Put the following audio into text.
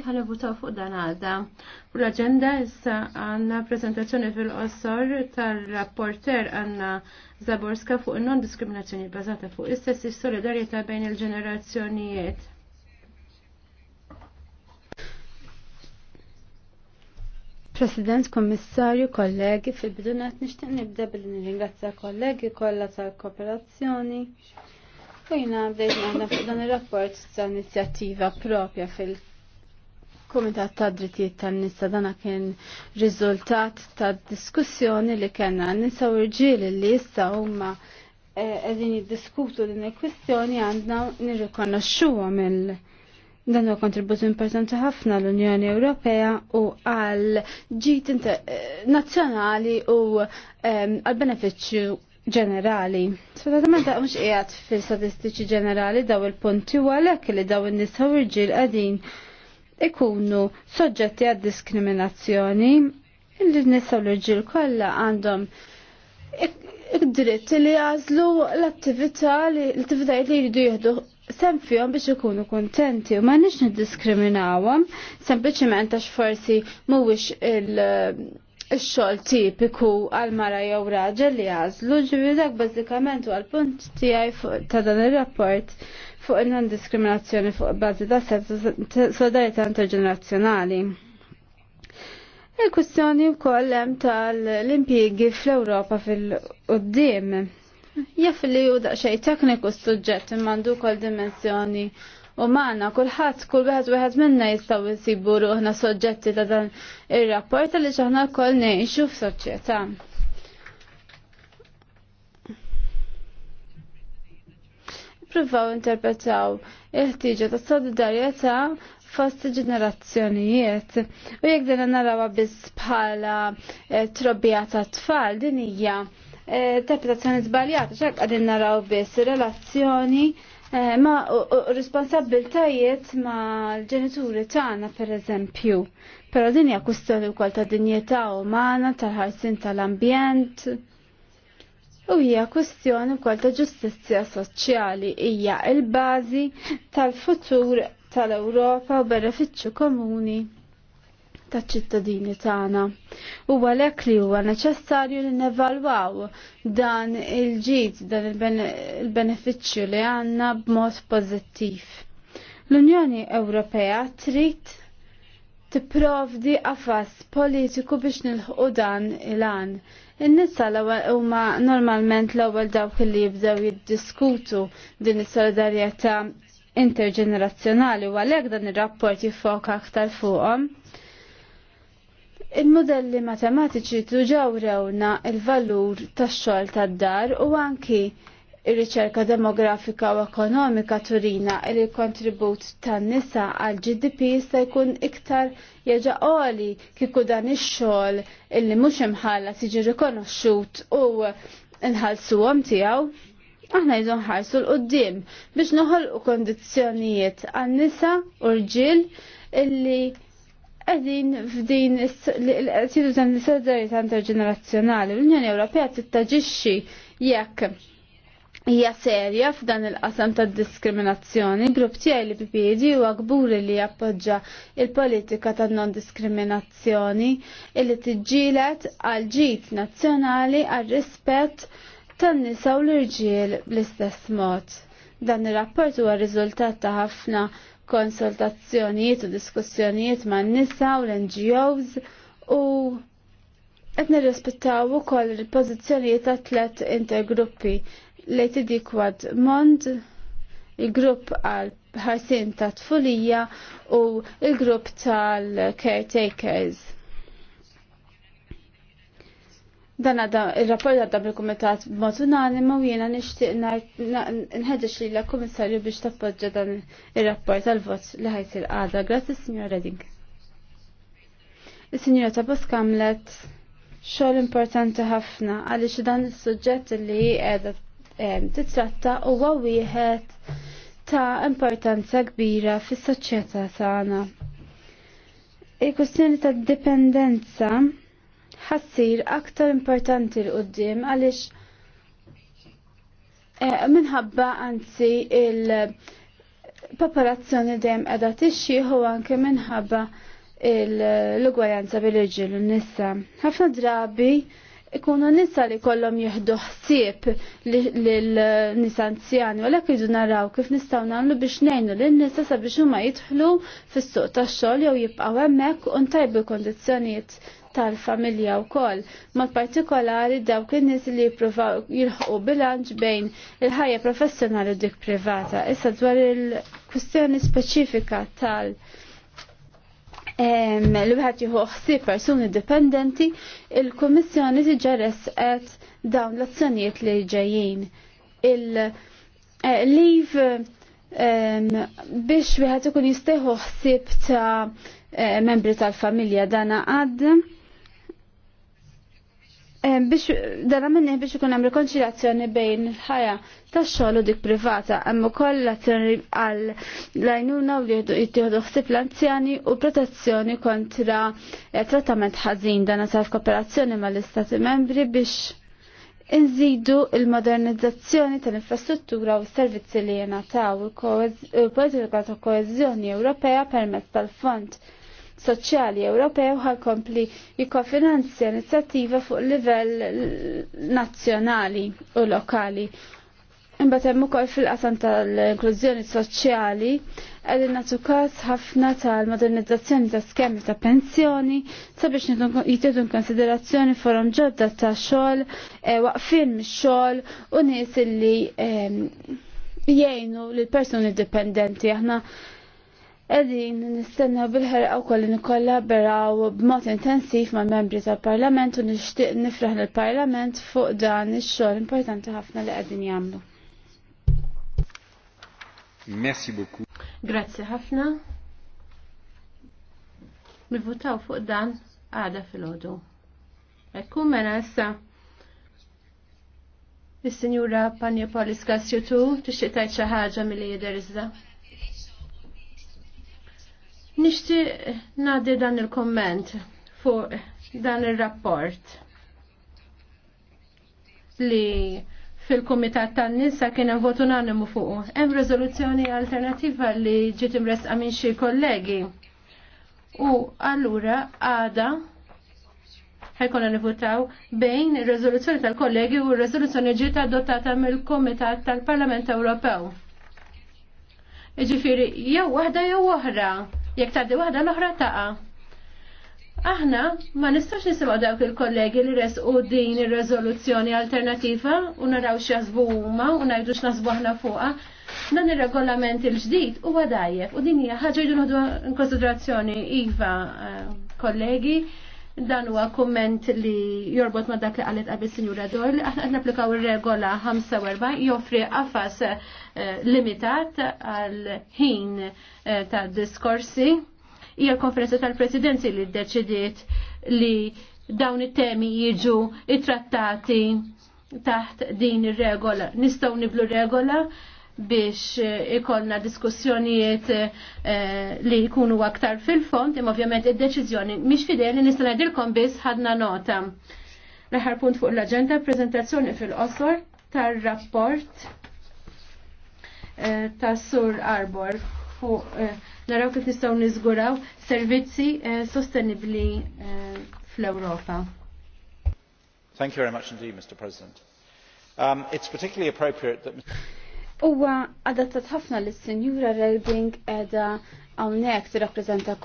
Reading ħalli votaw fuq dan għadda. Fuq l-agenda issa għanna prezentazzjoni fil-qossor tal-rapporter għanna Zaborska fuq non-diskriminazzjoni bazata fuq istess solidarieta bejn il-ġenerazzjonijiet. President, Kommissarju, kollegi, fil bidunat nishtiq nibda billi nirringrazzja kollegi kollha tal-kooperazzjoni. U jina bdejt għandna fuq dan ir-rapport ta' inizjattiva propja fil Komitat ta' drittijiet tan-nisa dana kien riżultat ta' diskussjoni li kellna nisa u rġiel li issa huma eh, qegħdin jiddiskutu din il-kwistjoni għandna nirrikonoxxuha il- dan huwa kontribut importanti ħafna l-Unjoni Ewropea u għal ġit eh, nazzjonali u ehm, għal benefiċċju ġenerali. Sfortunatament da mhux qiegħed fil-statistiċi ġenerali daw il-punti u għalhekk li daw in-nisa u rġiel qegħdin ikunu soġġetti għad diskriminazzjoni illi nisa l-ġil kolla għandhom id-dritt li għazlu l-attività li l attività li jridu jihdu sem fjom biex ikunu kontenti u ma nix niddiskriminawam sempliciment għax forsi mhuwiex il- xol tipiku għal mara jew raġel li għazlu ġivi dak bazzikament u għal-punt tijaj ta' dan il-rapport fuq il-non-diskriminazzjoni fuq bazi ta' solidarietà interġenerazzjonali. Il-kustjoni u kollem tal-impiegi fl-Europa fil-qoddim. Jaff li u daqxej tekniku s-sujġet immandu kol dimensjoni u maħna kullħat, kull wieħed wieħed minna jistaw jisibu ruħna soġġetti ta' dan il-rapport li ċaħna kol nejxu f'soċjetà. Pruvaw interpretaw il-ħtiġa ta' solidarjetà fost ġenerazzjonijiet. U jekk din narawa biss bħala eh, trobbija ta' tfal din hija eh, interpretazzjoni żbaljata x'hekk għadin naraw biss relazzjoni Eh, ma responsabiltajiet ma l-ġenituri tagħna pereżempju. Però din hija kustodi wkoll ta' dinjetà umana, tal-ħarsin tal-ambjent. U hija kwestjoni wkoll ta' ġustizzja soċjali hija l-bażi tal-futur tal-Ewropa u benefiċċju komuni taċ-ċittadini tagħna u għalhekk li huwa neċessarju li nevalwaw dan il-ġid, dan il-benefiċċju li għandna b'mod pożittiv. L-Unjoni Ewropea trid tipprovdi għafas politiku biex nilħqu dan il-għan. in l huma normalment l-ewwel dawk li jibdew jiddiskutu din is-solidarjetà interġenerazzjonali u għalhekk dan ir-rapport jiffoka aktar fuqhom. Il-modelli matematiċi tuġawrewna il-valur tax-xogħol tad-dar u anki ir-riċerka demografika u ekonomika turina li kontribut tan-nisa għal GDP jista' jkun iktar jeġa' oli kieku dan ix-xogħol illi mhux imħalla tiġi rikonoxxut u nħallsuhom tiegħu. Aħna jdu nħarsu l-qoddim biex noħolqu kondizjonijiet għan-nisa u rġiel illi Għedin f'din s-sidu dan l interġenerazzjonali, l-Unjoni Ewropea tittaġixxi jekk hija serja f'dan il-qasam ta' diskriminazzjoni, grupp tiegħi li PPD huwa gburi li jappoġġa il-politika ta' non-diskriminazzjoni illi tiġġielet għal ġid nazzjonali għal rispett tan-nisa u l-irġiel bl-istess mod. Dan ir-rapport huwa riżultat ta' ħafna konsultazzjonijiet u diskussjonijiet ma' nisa u l-NGOs u qed nirrispettaw ukoll il-pożizzjonijiet ta' tliet intergruppi li Tidik Quad Mond, il-grupp għal ħarsin ta' tfulija u il-grupp tal-caretakers. Dan għadda il-rapport għadda bil-komitat b'mod unanimu u jiena nixtieq li l-Kummissarju biex tappoġġa dan ir-rapport għal-vot li il għadha. Grazie signora Redding. Is-Sinjora Tabos kamlet xogħol importanti ħafna għaliex dan is sujġet li qiegħda ehm, titratta huwa wieħed ta' importanza kbira fis-soċjetà tagħna. Il-kwestjoni ta' dipendenza Ħassir aktar importanti l-qoddim għalix eh, minħabba għanzi il dem dejjem tixi u anke minħabba l ugwajanza bil reġil u nissa. Ħafna drabi ikuna nisa li kollom jihdu ħsieb l nisanzjani, u l jidu naraw kif nistaw namlu biex nejnu l-nisa sabiex huma jidħlu fis-suq tax-xogħol jew jibqgħu hemmhekk u ntajbu kondizzjonijiet tal-familja u koll, mod partikolari dawk in-nies li jippruvaw jilħqu bilanċ bejn il-ħajja professjonali u dik privata. Issa dwar il-kwistjoni speċifika tal- li wieħed jieħu ħsieb persuni dipendenti, il-Kummissjoni diġà resqet dawn l-azzjonijiet li ġejjin. Il-liv eh, biex wieħed ikun jistgħu ħsieb ta' eh, membri tal-familja dana għad. Eh, biex dara minni biex ikun hemm rikonċiljazzjoni bejn il-ħajja tax-xogħol u dik privata hemm ukoll l-azzjoni għal lajnuna u li jittieħdu ħsieb l-anzjani u protezzjoni kontra eh, trattament ħażin dan sar kooperazzjoni mal-Istati Membri biex inżidu il-modernizzazzjoni tal-infrastruttura u s-servizzi li jenataw il-politika ta' koeżjoni Ewropea permezz tal-fond. Soċjali Ewropew ħalkompli jikkofinanzja inizjattiva fuq livell nazzjonali u lokali. Imbagħad hemm ukoll fil-qasam tal-inklużjoni soċjali qegħdin nagħtu każ ħafna tal-modernizzazzjoni ta' skemi ta' pensjoni sabiex jitiedu konsiderazzjoni forom ġodda ta' xogħol eh, waqfien mix-xogħol u nies illi eh, jgħinu lill persuni dipendenti aħna Edin nistenna bil-ħerqa u koll nikollaboraw b'mod intensiv ma' membri tal-Parlament u nixtieq nifraħ lill-Parlament fuq dan ix-xogħol importanti ħafna li qegħdin jagħmlu. Merci beaucoup. Grazzi ħafna. Nivvutaw fuq dan għada fil-ħodu. Ekku mena issa. Is-Sinjura Panja Poliska Kassjutu tixtieq tgħid xi ħaġa milli jidher iżda. Nishti nadi dan il-komment fuq dan il-rapport li fil-Kumitat tan-Nisa kien hemm vot unanimu fuq. Hemm riżoluzzjoni alternattiva li ġiet imresqa minn xi kollegi. U allura għada ħajkonna nivutaw bejn ir-riżoluzzjoni tal-kollegi u r-riżoluzzjoni ġiet adottata mill-Kumitat tal-Parlament Ewropew. Ġifiri, jew waħda jew oħra. Jekk tgħaddi waħda l-oħra taqa' aħna ma nistax nisimgħu dawk il-kollegi li resqu din ir-reżoluzzjoni alternattiva u naraw x'jaħsbu huma u ngħidu x'naħsbu aħna fuqha. Dan ir-regolament il-ġdid huwa dajjef u din hija ħaġa jridu nħodu konsiderazzjoni iva eh, kollegi dan huwa komment li jorbot ma dak li qalet qabel Sinjura Dor li aħna qed napplikaw ir-regola 45 joffri qafas eh, limitat għal ħin eh, ta' diskorsi. Hija l-konferenza tal-Presidenzi li ddeċidiet li dawn it-temi jiġu ittrattati taħt din ir-regola. Nistgħu niblu regola biex eh, ikonna diskussjonijiet eh, li jkunu aktar fil-fond, imma ovvjament id-deċizjoni miex fidel li nista' ngħidilkom biss ħadna nota. L-aħħar punt fuq l-aġenda preżentazzjoni fil-qosor tar-rapport eh, tas Sur Arbor fuq naraw kif nistgħu niżguraw servizzi sostenibbli fl-Ewropa. Thank you very much indeed, Mr. President. Um, it's particularly appropriate that... Uwa adattat ħafna l-Senjura Relbing edha għawnek t-rapprezenta